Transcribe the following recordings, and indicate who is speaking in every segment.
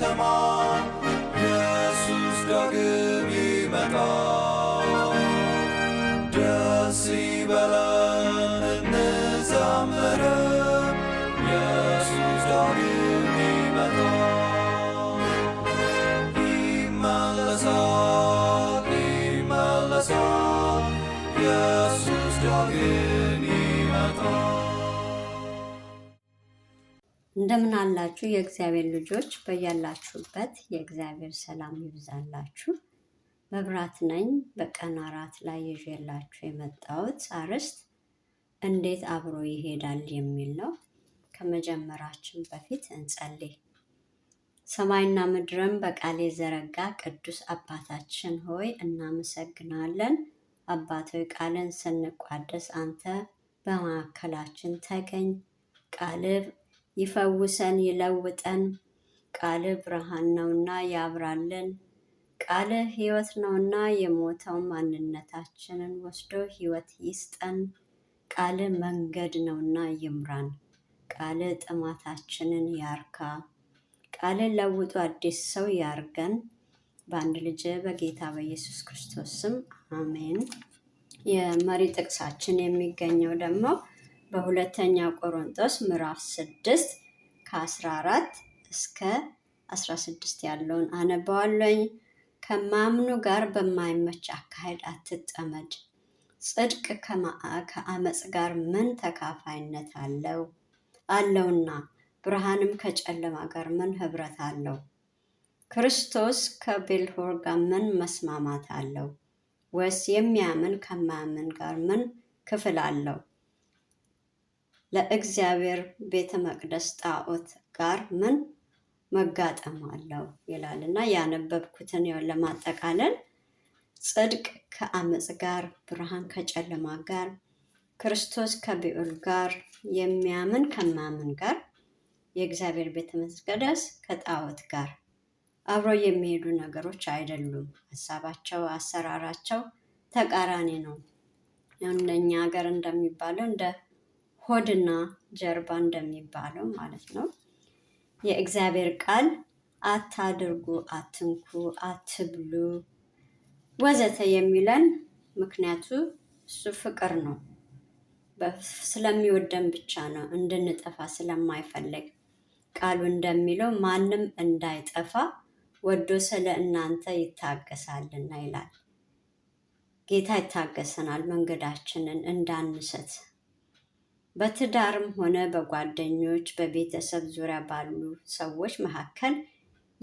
Speaker 1: on. እንደምን አላችሁ የእግዚአብሔር ልጆች፣ በያላችሁበት የእግዚአብሔር ሰላም ይብዛላችሁ። መብራት ነኝ። በቀን አራት ላይ ይዤላችሁ የመጣሁት አርዕስት እንዴት አብሮ ይሄዳል የሚል ነው። ከመጀመራችን በፊት እንጸልይ። ሰማይና ምድርን በቃል የዘረጋ ቅዱስ አባታችን ሆይ እናመሰግናለን። አባታዊ ቃልን ስንቋደስ አንተ በመካከላችን ተገኝ። ቃልብ! ይፈውሰን ይለውጠን። ቃል ብርሃን ነውና ያብራለን። ቃል ሕይወት ነውና የሞተው ማንነታችንን ወስዶ ሕይወት ይስጠን። ቃል መንገድ ነውና ይምራን። ቃል ጥማታችንን ያርካ። ቃል ለውጡ አዲስ ሰው ያርገን። በአንድ ልጅ በጌታ በኢየሱስ ክርስቶስ ስም አሜን። የመሪ ጥቅሳችን የሚገኘው ደግሞ በሁለተኛ ቆሮንቶስ ምዕራፍ 6 ከ14 እስከ 16 ያለውን አነባዋለኝ። ከማምኑ ጋር በማይመች አካሄድ አትጠመድ። ጽድቅ ከአመፅ ጋር ምን ተካፋይነት አለው አለውና ብርሃንም ከጨለማ ጋር ምን ህብረት አለው? ክርስቶስ ከቤልሆር ጋር ምን መስማማት አለው? ወይስ የሚያምን ከማያምን ጋር ምን ክፍል አለው? ለእግዚአብሔር ቤተ መቅደስ ጣዖት ጋር ምን መጋጠም አለው ይላል እና ያነበብኩትን ለማጠቃለል ጽድቅ ከአመፅ ጋር፣ ብርሃን ከጨለማ ጋር፣ ክርስቶስ ከቢዑል ጋር፣ የሚያምን ከማያምን ጋር፣ የእግዚአብሔር ቤተ መቅደስ ከጣዖት ጋር አብረው የሚሄዱ ነገሮች አይደሉም። ሀሳባቸው፣ አሰራራቸው ተቃራኒ ነው። እኛ ሀገር እንደሚባለው እንደ ሆድና ጀርባ እንደሚባለው ማለት ነው። የእግዚአብሔር ቃል አታድርጉ፣ አትንኩ፣ አትብሉ ወዘተ የሚለን ምክንያቱ እሱ ፍቅር ነው። ስለሚወደን ብቻ ነው፣ እንድንጠፋ ስለማይፈልግ ቃሉ እንደሚለው ማንም እንዳይጠፋ ወዶ ስለ እናንተ ይታገሳልና ይላል። ጌታ ይታገሰናል መንገዳችንን እንዳንሰት በትዳርም ሆነ በጓደኞች በቤተሰብ ዙሪያ ባሉ ሰዎች መካከል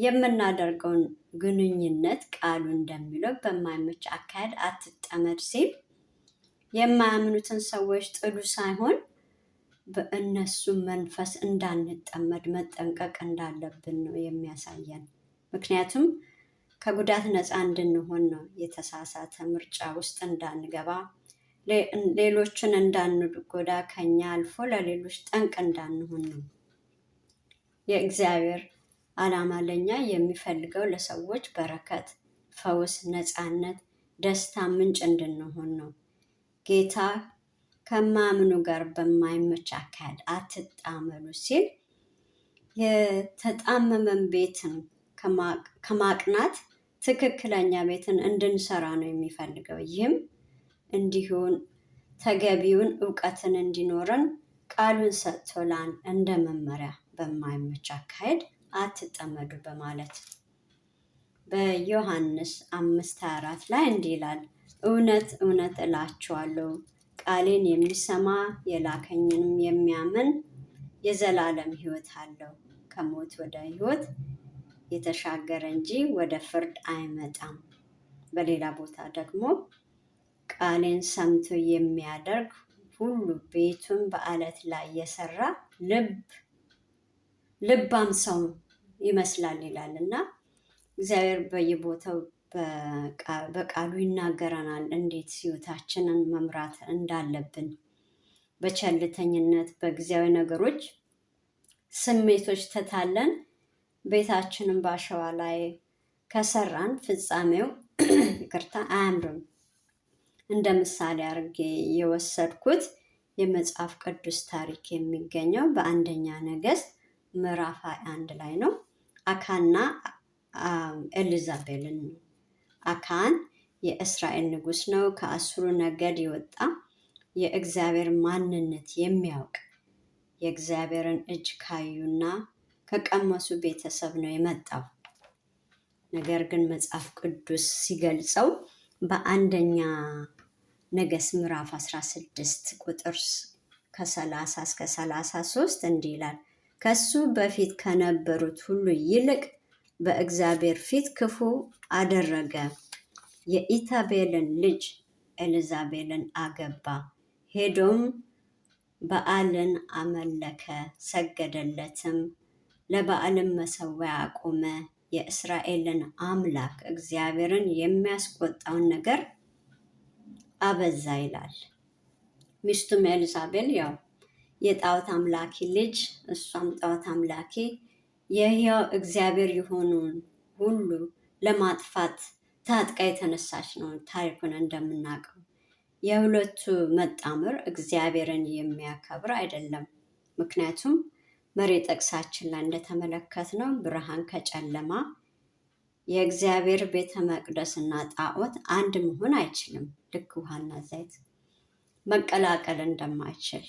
Speaker 1: የምናደርገውን ግንኙነት ቃሉ እንደሚለው በማይመች አካሄድ አትጠመድ ሲል የማያምኑትን ሰዎች ጥሉ ሳይሆን በእነሱ መንፈስ እንዳንጠመድ መጠንቀቅ እንዳለብን ነው የሚያሳየን። ምክንያቱም ከጉዳት ነፃ እንድንሆን ነው የተሳሳተ ምርጫ ውስጥ እንዳንገባ ሌሎችን እንዳንጎዳ ከኛ አልፎ ለሌሎች ጠንቅ እንዳንሆን ነው። የእግዚአብሔር ዓላማ ለኛ የሚፈልገው ለሰዎች በረከት፣ ፈውስ፣ ነፃነት፣ ደስታ ምንጭ እንድንሆን ነው። ጌታ ከማምኑ ጋር በማይመች አካሄድ አትጣመሉ ሲል የተጣመመን ቤትን ከማቅናት ትክክለኛ ቤትን እንድንሰራ ነው የሚፈልገው ይህም እንዲሆን ተገቢውን እውቀትን እንዲኖረን ቃሉን ሰጥቶላን እንደ መመሪያ በማይመች አካሄድ አትጠመዱ በማለት በዮሐንስ አምስት አራት ላይ እንዲህ ይላል፣ እውነት እውነት እላችኋለሁ ቃሌን የሚሰማ የላከኝንም የሚያምን የዘላለም ሕይወት አለው ከሞት ወደ ሕይወት የተሻገረ እንጂ ወደ ፍርድ አይመጣም። በሌላ ቦታ ደግሞ ቃሌን ሰምቶ የሚያደርግ ሁሉ ቤቱን በአለት ላይ የሰራ ልባም ሰው ይመስላል ይላል እና እግዚአብሔር በየቦታው በቃሉ ይናገረናል፣ እንዴት ህይወታችንን መምራት እንዳለብን በቸልተኝነት በጊዜያዊ ነገሮች ስሜቶች ተታለን ቤታችንን በአሸዋ ላይ ከሰራን ፍጻሜው ይቅርታ አያምርም። እንደ ምሳሌ አድርጌ የወሰድኩት የመጽሐፍ ቅዱስ ታሪክ የሚገኘው በአንደኛ ነገስት ምዕራፍ ሃያ አንድ ላይ ነው። አካንና ኤልዛቤልን አካን የእስራኤል ንጉስ ነው። ከአስሩ ነገድ የወጣ የእግዚአብሔር ማንነት የሚያውቅ የእግዚአብሔርን እጅ ካዩና ከቀመሱ ቤተሰብ ነው የመጣው። ነገር ግን መጽሐፍ ቅዱስ ሲገልጸው በአንደኛ ነገስ ምዕራፍ 16 ቁጥር ከ30 እስከ 33 እንዲህ ይላል። ከሱ በፊት ከነበሩት ሁሉ ይልቅ በእግዚአብሔር ፊት ክፉ አደረገ። የኢታቤልን ልጅ ኤልዛቤልን አገባ። ሄዶም በዓልን አመለከ፣ ሰገደለትም፣ ለበዓልም መሰዊያ አቆመ። የእስራኤልን አምላክ እግዚአብሔርን የሚያስቆጣውን ነገር አበዛ ይላል። ሚስቱም ኤልዛቤል ያው የጣዖት አምላኪ ልጅ እሷም ጣዖት አምላኪ የህያው እግዚአብሔር የሆኑን ሁሉ ለማጥፋት ታጥቃ የተነሳች ነው። ታሪኩን እንደምናውቀው የሁለቱ መጣምር እግዚአብሔርን የሚያከብር አይደለም። ምክንያቱም መሪ ጠቅሳችን ላይ እንደተመለከትነው ብርሃን ከጨለማ የእግዚአብሔር ቤተ መቅደስና ጣዖት አንድ መሆን አይችልም። ልክ ውሃና ዘይት መቀላቀል እንደማይችል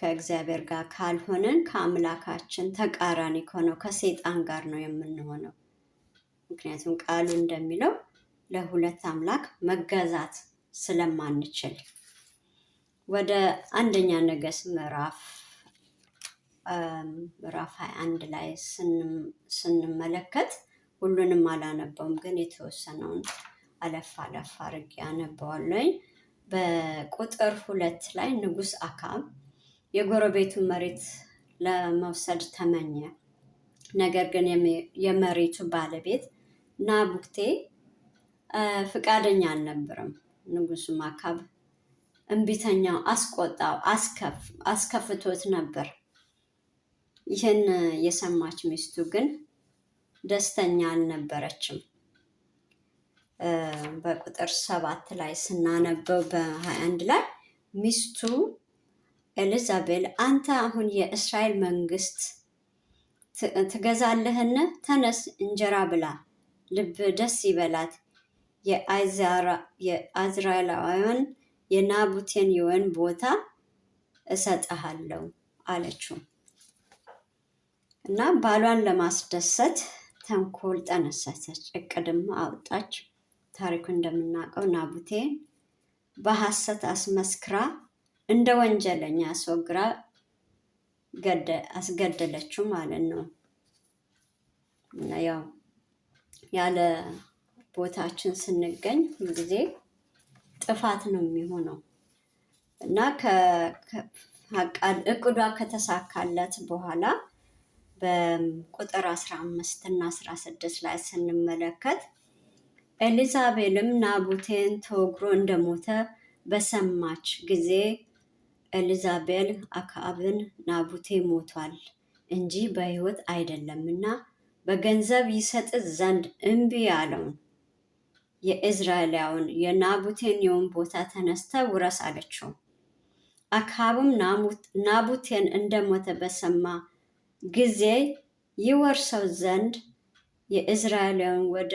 Speaker 1: ከእግዚአብሔር ጋር ካልሆነን ከአምላካችን ተቃራኒ ከሆነው ከሴጣን ጋር ነው የምንሆነው። ምክንያቱም ቃሉ እንደሚለው ለሁለት አምላክ መገዛት ስለማንችል ወደ አንደኛ ነገስት ምዕራፍ ምዕራፍ ሀያ አንድ ላይ ስንመለከት ሁሉንም አላነበውም፣ ግን የተወሰነውን አለፍ አለፍ አድርጌ አነበዋለኝ። በቁጥር ሁለት ላይ ንጉስ አካብ የጎረቤቱን መሬት ለመውሰድ ተመኘ። ነገር ግን የመሬቱ ባለቤት ናቡክቴ ፍቃደኛ አልነበረም። ንጉሡም አካብ እምቢተኛው አስቆጣው፣ አስከፍቶት ነበር። ይህን የሰማች ሚስቱ ግን ደስተኛ አልነበረችም። በቁጥር ሰባት ላይ ስናነበው በሀያ አንድ ላይ ሚስቱ ኤልዛቤል አንተ አሁን የእስራኤል መንግስት ትገዛለህን? ተነስ እንጀራ ብላ፣ ልብ ደስ ይበላት። የአዝራኤላውያን የናቡቴን የወይን ቦታ እሰጥሃለሁ አለችው እና ባሏን ለማስደሰት ተንኮል ጠነሰሰች፣ እቅድም አውጣች። ታሪኩ እንደምናውቀው ናቡቴ በሐሰት አስመስክራ እንደ ወንጀለኛ አስወግራ አስገደለችው ማለት ነው። እና ያው ያለ ቦታችን ስንገኝ ሁልጊዜ ጥፋት ነው የሚሆነው እና እቅዷ ከተሳካለት በኋላ በቁጥር አስራ አምስት እና አስራ ስድስት ላይ ስንመለከት ኤሊዛቤልም ናቡቴን ተወግሮ እንደሞተ በሰማች ጊዜ ኤሊዛቤል አክዓብን ናቡቴ ሞቷል እንጂ በሕይወት አይደለምና በገንዘብ ይሰጥ ዘንድ እምቢ አለውን የእዝራኤላውን የናቡቴን ቦታ ተነስተ ውረስ አለችው። አክዓብም ናቡቴን እንደሞተ በሰማ ጊዜ ይወርሰው ዘንድ የእዝራኤላውን ወደ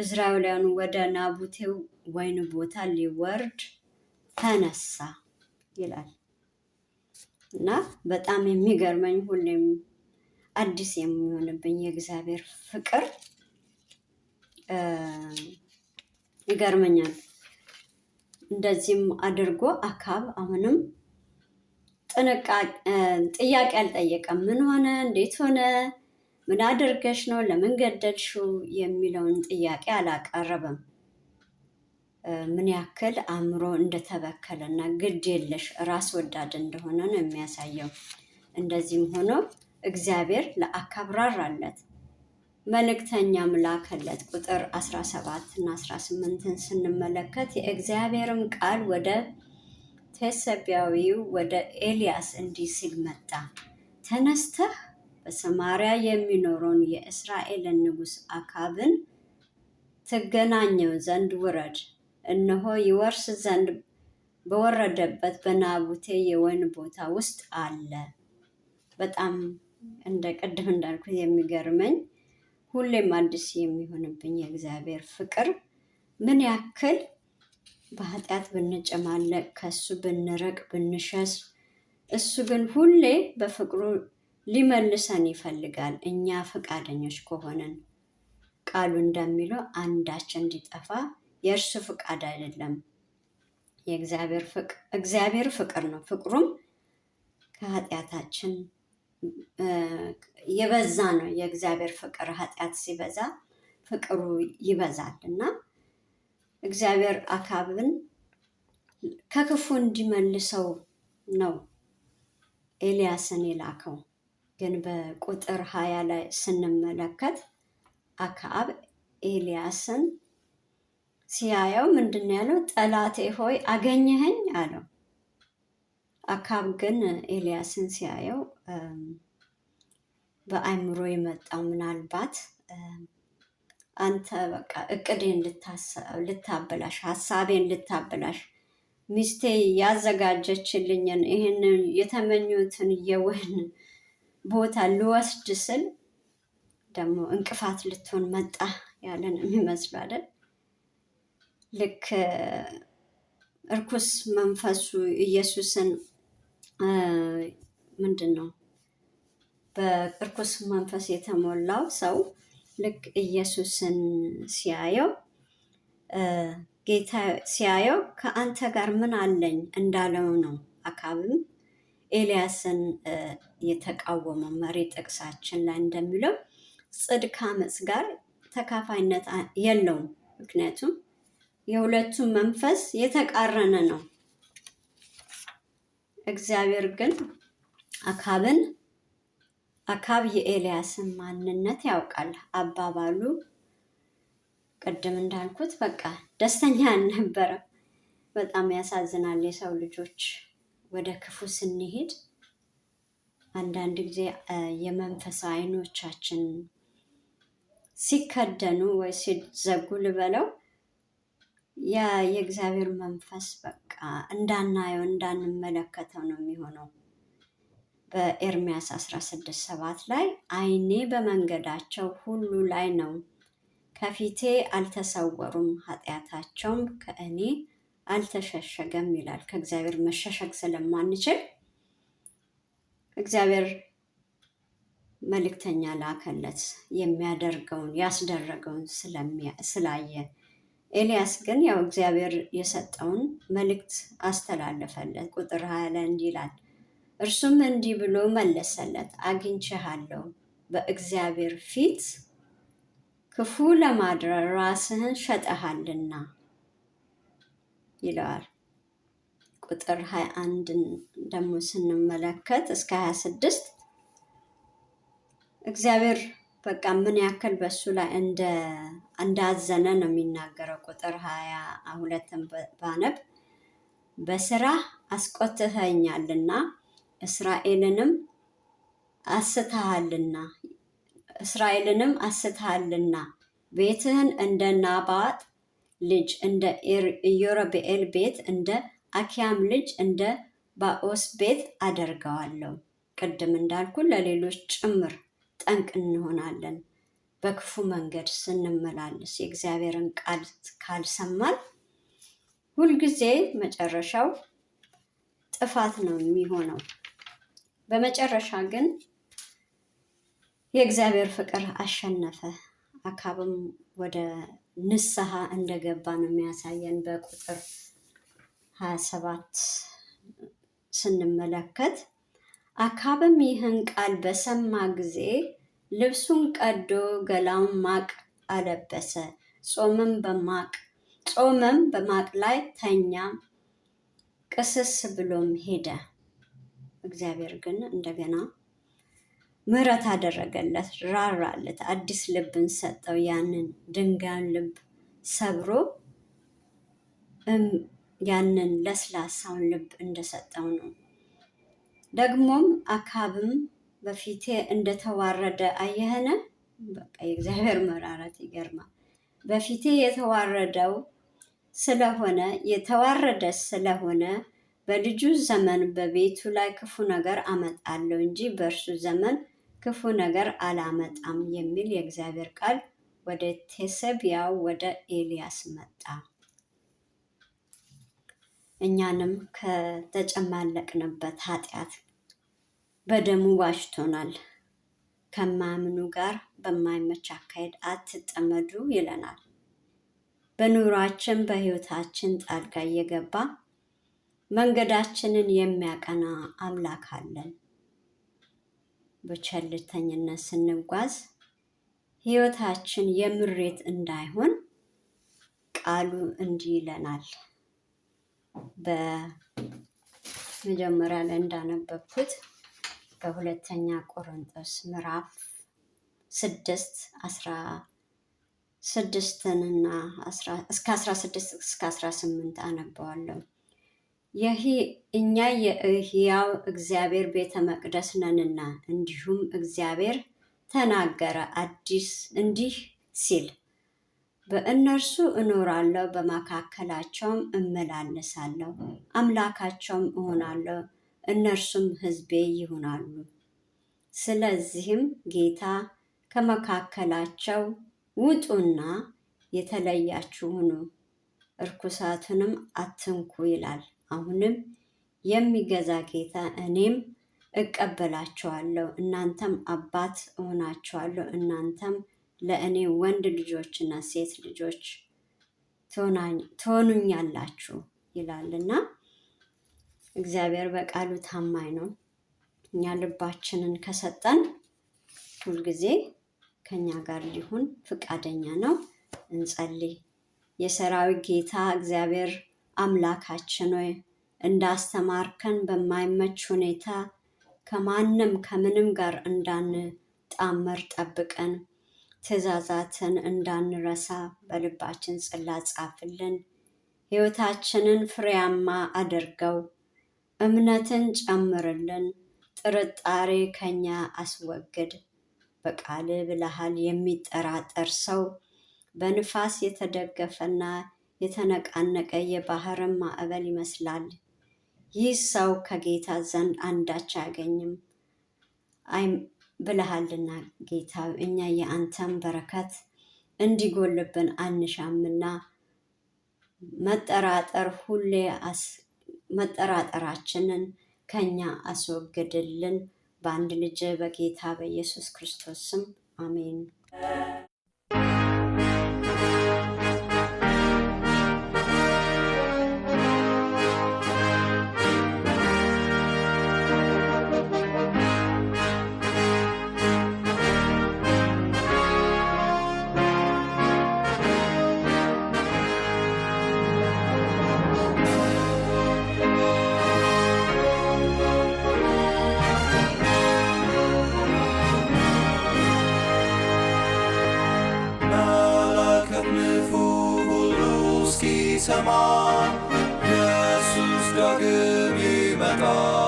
Speaker 1: እዝራኤላውያኑ ወደ ናቡቴው ወይን ቦታ ሊወርድ ተነሳ ይላል እና በጣም የሚገርመኝ ሁሌም አዲስ የሚሆንብኝ የእግዚአብሔር ፍቅር ይገርመኛል። እንደዚህም አድርጎ አካብ አሁንም ጥያቄ አልጠየቀም። ምን ሆነ? እንዴት ሆነ? ምን አድርገሽ ነው ለምን ገደልሽው የሚለውን ጥያቄ አላቀረበም። ምን ያክል አእምሮ እንደተበከለና ግድ የለሽ ራስ ወዳድ እንደሆነ ነው የሚያሳየው። እንደዚህም ሆኖ እግዚአብሔር ለአካብራራለት መልእክተኛም ላከለት። ቁጥር 17 እና 18ን ስንመለከት የእግዚአብሔርም ቃል ወደ ቴሰቢያዊው ወደ ኤልያስ እንዲህ ሲል መጣ ተነስተህ በሰማሪያ የሚኖረውን የእስራኤልን ንጉሥ አካብን ትገናኘው ዘንድ ውረድ፣ እነሆ ይወርስ ዘንድ በወረደበት በናቡቴ የወይን ቦታ ውስጥ አለ። በጣም እንደ ቅድም እንዳልኩት የሚገርመኝ ሁሌም አዲስ የሚሆንብኝ የእግዚአብሔር ፍቅር ምን ያክል በኃጢአት ብንጨማለቅ፣ ከሱ ብንርቅ፣ ብንሸስ እሱ ግን ሁሌ በፍቅሩ ሊመልሰን ይፈልጋል። እኛ ፈቃደኞች ከሆነን ቃሉ እንደሚለው አንዳች እንዲጠፋ የእርሱ ፍቃድ አይደለም። እግዚአብሔር ፍቅር ነው፣ ፍቅሩም ከኃጢአታችን የበዛ ነው። የእግዚአብሔር ፍቅር ኃጢአት ሲበዛ ፍቅሩ ይበዛል እና እግዚአብሔር አካብን ከክፉ እንዲመልሰው ነው ኤልያስን የላከው። ግን በቁጥር ሀያ ላይ ስንመለከት አክዓብ ኤልያስን ሲያየው ምንድን ያለው? ጠላቴ ሆይ አገኘህኝ አለው። አክዓብ ግን ኤልያስን ሲያየው በአይምሮ የመጣው ምናልባት አንተ በቃ እቅዴን ልታበላሽ፣ ሀሳቤን ልታበላሽ፣ ሚስቴ ያዘጋጀችልኝን ይህንን የተመኙትን የወይን ቦታ ልወስድ ስል ደግሞ እንቅፋት ልትሆን መጣ ያለን የሚመስሉ አይደል? ልክ እርኩስ መንፈሱ ኢየሱስን ምንድን ነው በእርኩስ መንፈስ የተሞላው ሰው ልክ ኢየሱስን ሲያየው ጌታ ሲያየው ከአንተ ጋር ምን አለኝ እንዳለው ነው። አካብም ኤልያስን የተቃወመው መሪ ጥቅሳችን ላይ እንደሚለው ጽድቅ አመፅ ጋር ተካፋይነት የለውም። ምክንያቱም የሁለቱም መንፈስ የተቃረነ ነው። እግዚአብሔር ግን አካብን አካብ የኤልያስን ማንነት ያውቃል። አባባሉ ቅድም እንዳልኩት በቃ ደስተኛ አልነበረም። በጣም ያሳዝናል የሰው ልጆች ወደ ክፉ ስንሄድ አንዳንድ ጊዜ የመንፈስ አይኖቻችን ሲከደኑ ወይ ሲዘጉ ልበለው ያ የእግዚአብሔር መንፈስ በቃ እንዳናየው እንዳንመለከተው ነው የሚሆነው። በኤርሚያስ 16 ሰባት ላይ አይኔ በመንገዳቸው ሁሉ ላይ ነው፣ ከፊቴ አልተሰወሩም፣ ኃጢአታቸውም ከእኔ አልተሸሸገም ይላል። ከእግዚአብሔር መሸሸግ ስለማንችል እግዚአብሔር መልእክተኛ ላከለት የሚያደርገውን ያስደረገውን ስላየ። ኤልያስ ግን ያው እግዚአብሔር የሰጠውን መልእክት አስተላለፈለት። ቁጥር ሀያ ላይ እንዲህ ይላል፣ እርሱም እንዲህ ብሎ መለሰለት፣ አግኝቼሃለሁ፣ በእግዚአብሔር ፊት ክፉ ለማድረግ ራስህን ሸጠሃልና ይለዋል። ቁጥር 21ን ደግሞ ስንመለከት እስከ 26 እግዚአብሔር በቃ ምን ያክል በሱ ላይ እንዳዘነ ነው የሚናገረው። ቁጥር 22ን ባነብ በስራ አስቆጥተኛልና እስራኤልንም አስተሃልና እስራኤልንም አስተሃልና ቤትህን እንደ ናባጥ ልጅ እንደ ኢዮረብኤል ቤት እንደ አኪያም ልጅ እንደ ባኦስ ቤት አደርገዋለሁ። ቅድም እንዳልኩ ለሌሎች ጭምር ጠንቅ እንሆናለን። በክፉ መንገድ ስንመላለስ የእግዚአብሔርን ቃል ካልሰማል ሁልጊዜ መጨረሻው ጥፋት ነው የሚሆነው። በመጨረሻ ግን የእግዚአብሔር ፍቅር አሸነፈ። አካብም ወደ ንስሐ እንደገባ ነው የሚያሳየን። በቁጥር ሀያ ሰባት ስንመለከት አካብም ይህን ቃል በሰማ ጊዜ ልብሱን ቀዶ ገላውን ማቅ አለበሰ፣ ጾምም በማቅ ጾምም በማቅ ላይ ተኛ፣ ቅስስ ብሎም ሄደ። እግዚአብሔር ግን እንደገና ምሕረት አደረገለት፣ ራራለት፣ አዲስ ልብን ሰጠው። ያንን ድንጋን ልብ ሰብሮ ያንን ለስላሳውን ልብ እንደሰጠው ነው። ደግሞም አካብም በፊቴ እንደተዋረደ አየህን? በቃ የእግዚአብሔር መራራት ይገርማል። በፊቴ የተዋረደው ስለሆነ የተዋረደ ስለሆነ በልጁ ዘመን በቤቱ ላይ ክፉ ነገር አመጣለሁ እንጂ በእርሱ ዘመን ክፉ ነገር አላመጣም የሚል የእግዚአብሔር ቃል ወደ ቴሰቢያው ወደ ኤልያስ መጣ። እኛንም ከተጨማለቅንበት ኃጢአት በደሙ ዋጅቶናል። ከማያምኑ ጋር በማይመች አካሄድ አትጠመዱ ይለናል። በኑሯችን በሕይወታችን ጣልቃ እየገባ መንገዳችንን የሚያቀና አምላክ አለን። በቸልተኝነት ስንጓዝ ህይወታችን የምሬት እንዳይሆን ቃሉ እንዲህ ይለናል። በመጀመሪያ ላይ እንዳነበብኩት በሁለተኛ ቆሮንቶስ ምዕራፍ ስድስት አስራ ስድስትንና እስከ አስራ ስድስት እስከ አስራ ስምንት አነበዋለሁ። እኛ የሕያው እግዚአብሔር ቤተ መቅደስ ነንና እንዲሁም እግዚአብሔር ተናገረ አዲስ እንዲህ ሲል በእነርሱ እኖራለሁ፣ በመካከላቸውም እመላለሳለሁ፣ አምላካቸውም እሆናለሁ፣ እነርሱም ሕዝቤ ይሆናሉ። ስለዚህም ጌታ ከመካከላቸው ውጡና የተለያችሁ ሁኑ፣ እርኩሳቱንም አትንኩ ይላል። አሁንም የሚገዛ ጌታ እኔም እቀበላችኋለሁ፣ እናንተም አባት እሆናችኋለሁ፣ እናንተም ለእኔ ወንድ ልጆችና ሴት ልጆች ትሆኑኛላችሁ ይላልና እግዚአብሔር በቃሉ ታማኝ ነው። እኛ ልባችንን ከሰጠን ሁልጊዜ ከኛ ጋር ሊሆን ፈቃደኛ ነው። እንጸልይ። የሰራዊት ጌታ እግዚአብሔር አምላካችን ሆይ እንዳስተማርከን በማይመች ሁኔታ ከማንም ከምንም ጋር እንዳንጣመር ጠብቀን፣ ትእዛዛትን እንዳንረሳ በልባችን ጽላ ጻፍልን። ሕይወታችንን ፍሬያማ አድርገው፣ እምነትን ጨምርልን፣ ጥርጣሬ ከኛ አስወግድ። በቃል ብልሃል የሚጠራጠር ሰው በንፋስ የተደገፈና የተነቃነቀ የባህርን ማዕበል ይመስላል። ይህ ሰው ከጌታ ዘንድ አንዳች አያገኝም ብለሃልና ጌታ እኛ የአንተን በረከት እንዲጎልብን አንሻምና መጠራጠር ሁሌ መጠራጠራችንን ከኛ አስወግድልን። በአንድ ልጅ በጌታ በኢየሱስ ክርስቶስ ስም አሜን። ሲሰማ ኢየሱስ ዳግም ይመጣል።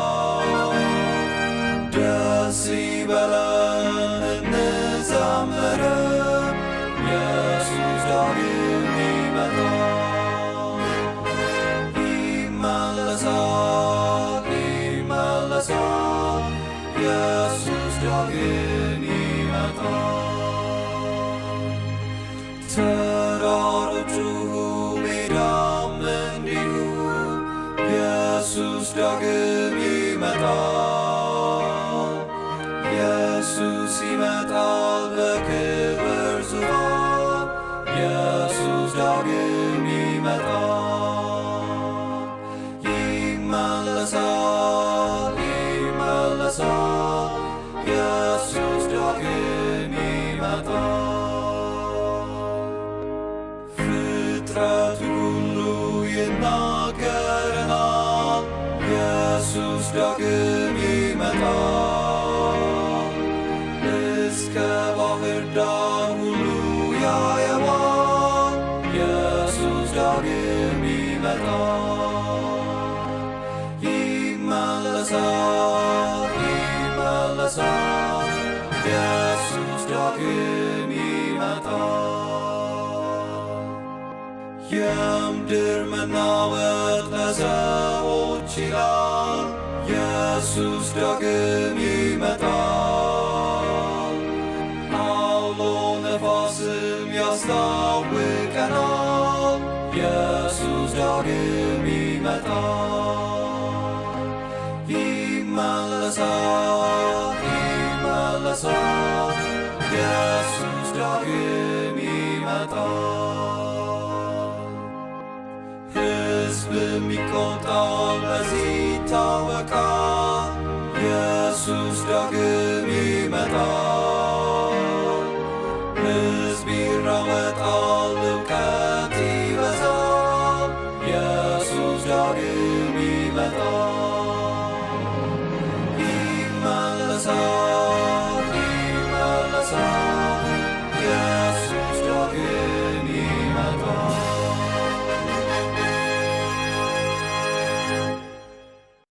Speaker 1: ሲመጣ የሚመጣ ይመለሳል፣ ይመለሳል ኢየሱስ ዳግም ይመጣል። difficult